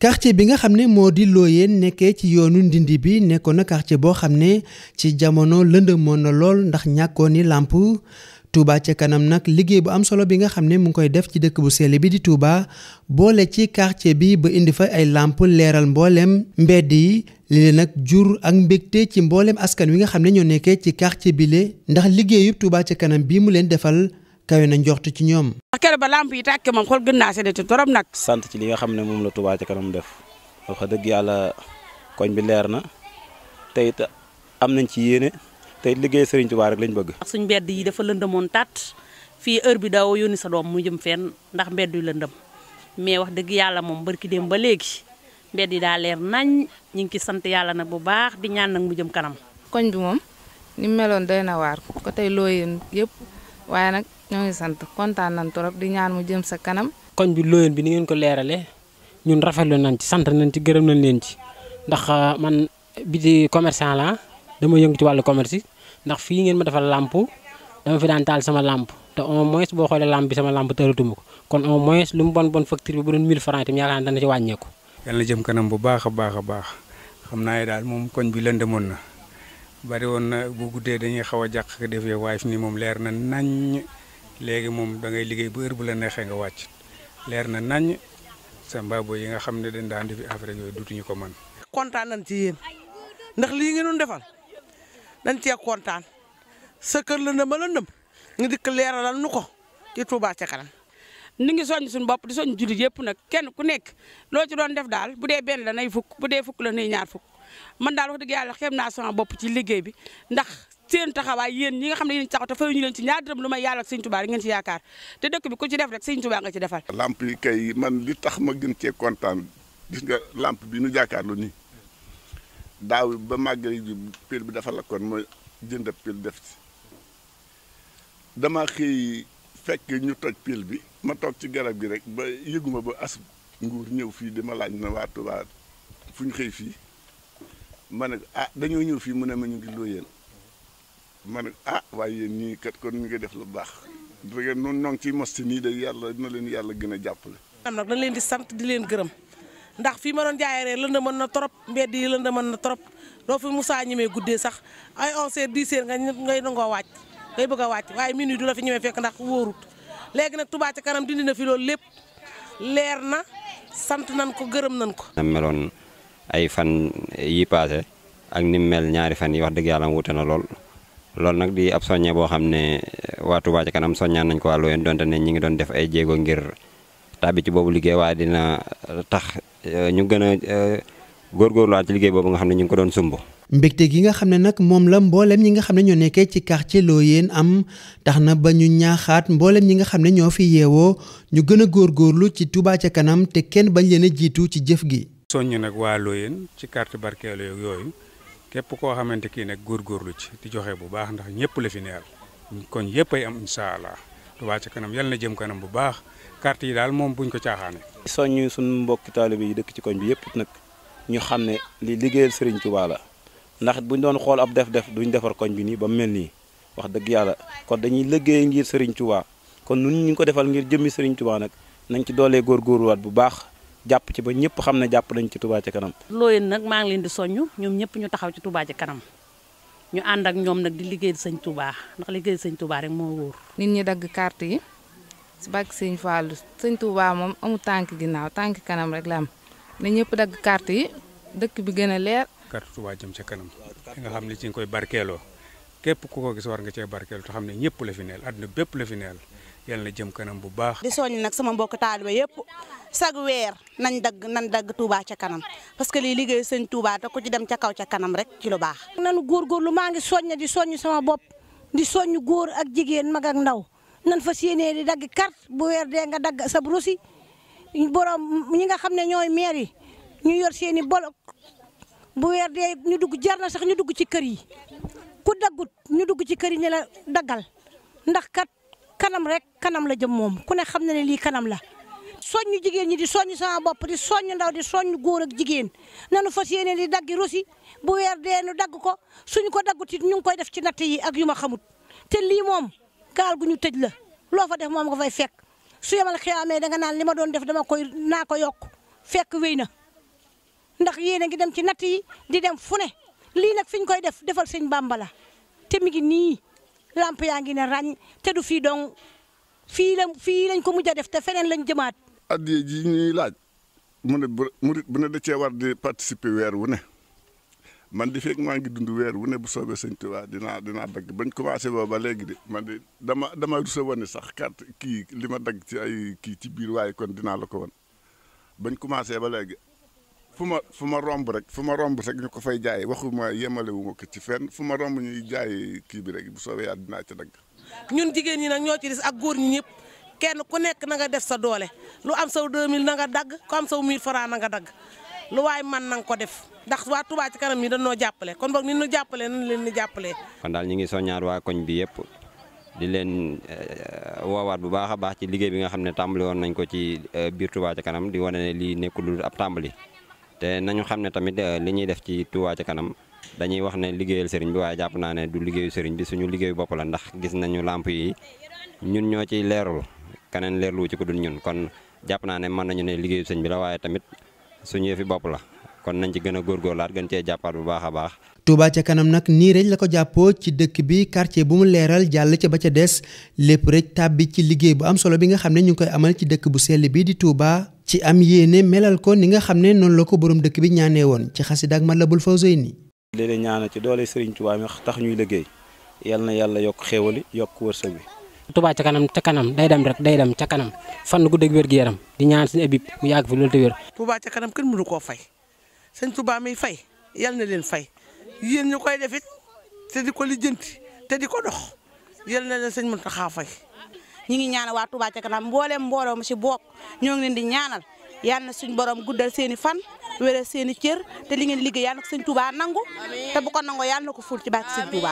quartier bi nga xam ne moo di Looyeen nekkee ci yoonu Ndindi bi nekkoon na quartier boo xam ne ci jamono lëndëmoon na lool ndax ñàkkoon ni làmp tuubaa ca kanam nag liggéey bu am solo bi nga xam ne mu ngi koy def ci dëkk bu sell bi di Touba boole ci quartier bi ba indi fa ay làmp leeral mbooleem mbedd yi lii nag jur ak mbégte ci mboolem askan wi nga xam ne ñoo nekkee ci quartier bi le ndax liggéeyub Touba ci kanam bii mu leen defal kawe nañ njort ci ñoom. wax keroog ba lamp yi tàkkee moom xool gën naa séddati torop nag. sant ci li nga xam ne moom la Touba ca kanam def wax dëgg yàlla koñ bi leer na te am nañ ci yéene te it liggéey Serigne lañ bëgg. ndax suñu mbedd yi dafa lëndamoon tat fii heure bi daaw yónni sa doom mu jëm fenn ndax mbedd yu lëndëm mais wax dëgg yàlla moom barki dem ba léegi mbedd yi daa leer nañ ñu ngi ciy sant yàlla nag bu baax di ñaan nag mu jëm kanam. koñ bi moom ni meloon doy na waar ko tey looyeen yëpp waaye nag ñoo sant kontaan nañ trop di ñaan mu jëm sa kanam. koñ bi Loyeen bi ni ngeen ko leeralee ñun rafetlu nañ ci sant nañ ci gërëm nañ leen ci ndax euh, man bi di commerçant la dama yëngu ci wàllu commerce ndax fii ngeen ma defal làmp dama fi daan taal sama làmp te au moins boo xoolee làmp bi sama làmp tëratuma ko kon au moins lu mu bon bon facture bi bu doon 1000 francs itam yaakaar naa dana ci wàññeeku. yàlla jëm kanam bu baax a baax a baax xam naa ne daal moom koñ bi lëndëmoon na bari woon na bu guddee dañuy xaw a jàq defee waaye moom leer na nañ léegi moom da ngay liggéey bu heure bu la neexee nga wàcc leer na nañ sa mbaabo yi nga xam ne dañ daan defi affaire yooyu dutuñu ko mën. kontaan nañ ci ndax lii ngeen doon defal dañ cee kontaan sa kër la ndëm a lëndëm nga dikk leeralal nu ko ci Touba ca kanam. ni ngi soññ suñu bopp di soññ jullit yëpp nag kenn ku nekk loo ci doon def daal bu dee benn la nay fukk bu dee fukk la nay ñaar fukk man daal wax dëgg yàlla xeeb naa sama bopp ci liggéey bi ndax. seen taxawaay yéen ñi nga xam ne yéen taxaw te fayu ñu leen ci ñaar dërëm lu may yàlla ak sëñ Tuubaa ngeen ci yaakaar te dëkk bi ku ci def rek sëñ Tuubaa nga ci defal lamp yi kay man li tax ma gën cee kontaan gis nga lamp bi nu jàkkaarloo nii daaw ba màggal ji pile bi dafa lakkoon ma jënd pile def ci dama xëy fekk ñu toj pile bi ma toog ci garab gi rek ba yëguma ba as nguur ñëw fii dama laaj na waa Tuubaa fu ñu xëy fii ma ne ah dañoo ñëw fii mu ne ma ñu ngi loo yéen ma ne ah waaye yéen ñii kat kon ñu ngi def lu baax dëgg noon ñoo ngi ciy mos ci nii de yàlla dina leen yàlla gën a jàppale. am nag dañ leen di sant di leen gërëm ndax fii ma doon jaayee rek lënd mën na trop mbedd yi lënd mën na trop doo fi musaa ñemee guddee sax ay 11h 10h nga ngay nangoo wàcc ngay bëgg a wàcc waaye minuit du la fi ñemee fekk ndax wóorut léegi nag Touba ci kanam dindi na fi loolu lépp leer na sant nañ ko gërëm nañ ko. meloon ay fan yi paase ak ni mu mel ñaari fan yi wax dëgg yàlla wuute na lool loolu nag di ab soññe boo xam ne eh, waa Touba Ca Kanam soññaan nañ ko wàllu yéen donte ne ñi ngi doon def ay jéego ngir tàbbi ci boobu liggéey waa dina eh, tax eh, ñu gën a góorgóorluwaat ci liggéey boobu nga xam ne ñu ngi ko doon sumb. mbégte gi nga xam ne nag moom la mboolem ñi nga xam ne ñoo nekkee ci quartier Loyenne am tax na ba ñu ñaaxaat mboolem ñi nga xam ne ñoo fi yeewoo ñu gën a góorgóorlu ci Touba Ca Kanam te kenn bañ leen a jiitu ci jëf gi. soññ nag waa Loyenne ci carte barkeelu yooyu képp koo xamante kii nag góorgóorlu ci di joxe bu baax ndax ñëpp la fi neexal kon yëpp ay am incha allah Touba ca kanam yal na jëm kanam bu baax carte yi daal moom buñ ko caaxaane soññu suñu mbokki taalibe yi dëkk ci koñ bi yëpp nag ñu xam ne li liggéeyal Serigne Touba la ndax ñu doon xool ab def-def duñ defar koñ bi nii ba mu mel nii wax dëgg yàlla kon dañuy liggéey ngir Serigne Touba kon nun ñu ko defal ngir jëmmi Serigne Touba nag nañ ci doolee góorgóorluwaat bu baax jàpp ci ba ñëpp xam ne jàpp nañ ci tubaa ci Kanam. looyeen nag maa ngi leen di soññ ñoom ñëpp ñu taxaw ci Touba Ca Kanam ñu ànd ak ñoom nag di liggéey sëñ Touba ndax liggéey sëñ Touba rek moo wóor. ñi dagg carte yi si bàkk sëñ Fallou sëñ Touba moom amu tànk ginnaaw tànk kanam rek la am na ñëpp dagg carte yi dëkk bi gën a leer. carte Touba jëm ca kanam nga xam ne ci nga koy barkeeloo képp ku ko gis war nga cee barkeeloo te xam ne ñëpp la fi neel àdduna bépp la fi neel yal na jëm kanam bu baax. di soññ nag sama mbokk taaliba yëpp sag weer nañ dagg nañ dagg Touba ca kanam parce que lii liggéey sëñ Touba te ko ci dem ca kaw ca kanam rek ci lu baax. nanu góorgóorlu maa ngi soññ di soññ sama bopp di soññ góor ak jigéen mag ndaw nan fa séenee di dagg carte bu weer dee nga dagg sab rusi borom ñi nga xam ne ñooy maire yi ñu yor seen i bolok bu weer dee ñu dugg jar na sax ñu dugg ci kër yi ku daggut ñu dugg ci kër yi ñu la daggal kanam rek kanam la jëm moom ku ne xam na ne lii kanam la soññu jigéen ñi di soññ sama bopp di soññ ndaw di soññ góor ak jigéen nanu fas yéene di daggi rosi bu weer dee nu dagg ko suñu ko daggut it ñu ngi koy def ci natt yi ak yu ma xamut te lii moom gaal gu ñu tëj la loo fa def moom nga fay fekk su yemal xiyaamee danga naan li ma doon def dama koy naa ko yokk fekk wéy na ndax yéen a ngi dem ci natt yi di dem fu ne lii nag fi koy def defal sëñ Bàmba la te mi ngi nii lamp yaa ngi ne ràññ te du fii dong fii la fii lañ ko mujj a def te feneen lañ jëmaat. addiya ji ñuy laaj mu ne murit bu ne de cee war di participer weer wu ne man di fekk maa ngi dund weer wu ne bu soobee sëñ Tuubaa dinaa dinaa dagg bañ commencé booba léegi de man de dama dama rus a wane sax carte kii li ma dagg ci ay kii ci biir waaye kon dinaa la ko wan bañ commencé ba léegi fu ma fu ma romb rek fu ma romb rek ñu ko fay jaay waxu yemale wu ma ko ci fenn fu ma romb ñuy jaay kii bi rek bu soobee yàlla dinaa ca dagg. ñun jigéen ñi nag ñoo ci des ak góor ñi ñëpp kenn ku nekk na nga def sa doole lu am saw 2000 na nga dagg ku am saw 1000 faraa na nga dagg lu waay man na nga ko def ndax waa Touba ci kanam ñi noo jàppale kon boog ni ñu jàppalee leen ni jàppalee. kon daal ñu ngi soññaat waa koñ bi yëpp di leen eh, waawaat bu baax a baax ci liggéey bi nga xam ne tàmbali woon nañ ko ci eh, biir Touba ci kanam di wane ne lii nekkul ab tàmbali te nañu xam ne tamit euh, li ñuy def ci Touba ca kanam dañuy wax ne liggéeyal sëriñ bi waaye jàpp naa ne du liggéeyu sëriñ bi suñu liggéeyu bopp la ndax gis nañu làmp yi ñun ñoo ciy leerul keneen leerlu ci ko dul ñun kon jàpp naa ne mën nañu ne liggéeyu sëñ bi la waaye tamit suñu yëfi bopp la kon nañ ci gën a góor góorgóorlaat gën cee jàppaat bu baax a baax. Touba ca kanam nag nii rek la ko jàppoo ci dëkk bi quartier bu mu leeral jàll ca ba ca des lépp rek tàbbi ci liggéey bu am solo bi nga xam ne ñu ngi koy amal ci dëkk bu sell bi di Touba ci am yéene melal ko ni nga xam ne noonu la ko borom dëkk bi ñaanee woon ci xasida ak Matlabul Fawzayni. di leen ñaanal ci doole Serigne Touba mi tax ñuy liggéey yal na yàlla yokk xéewali yokk wërsëg bi. Touba ca kanam ca kanam day dem rek day dem ca kanam fan gu dëgg wér gi yaram di ñaan suñu abib mu yàgg fi loolu te wér. Touba ca kanam kenn mënu koo fay sëñ Touba mi fay yal na leen fay yéen ñu koy def it te di ko lijjanti te di ko dox yal na fay. ñi ngi ñaanal waa Touba ca kanam mbooleem mbooloo mu si book ñoo ni leen di ñaanal yal na suñ borom guddal seen i fan wéral seen i cër te li ngeen liggéey yal na ko nangu te bu ko nangoo yal na ko ful ci barke sëñ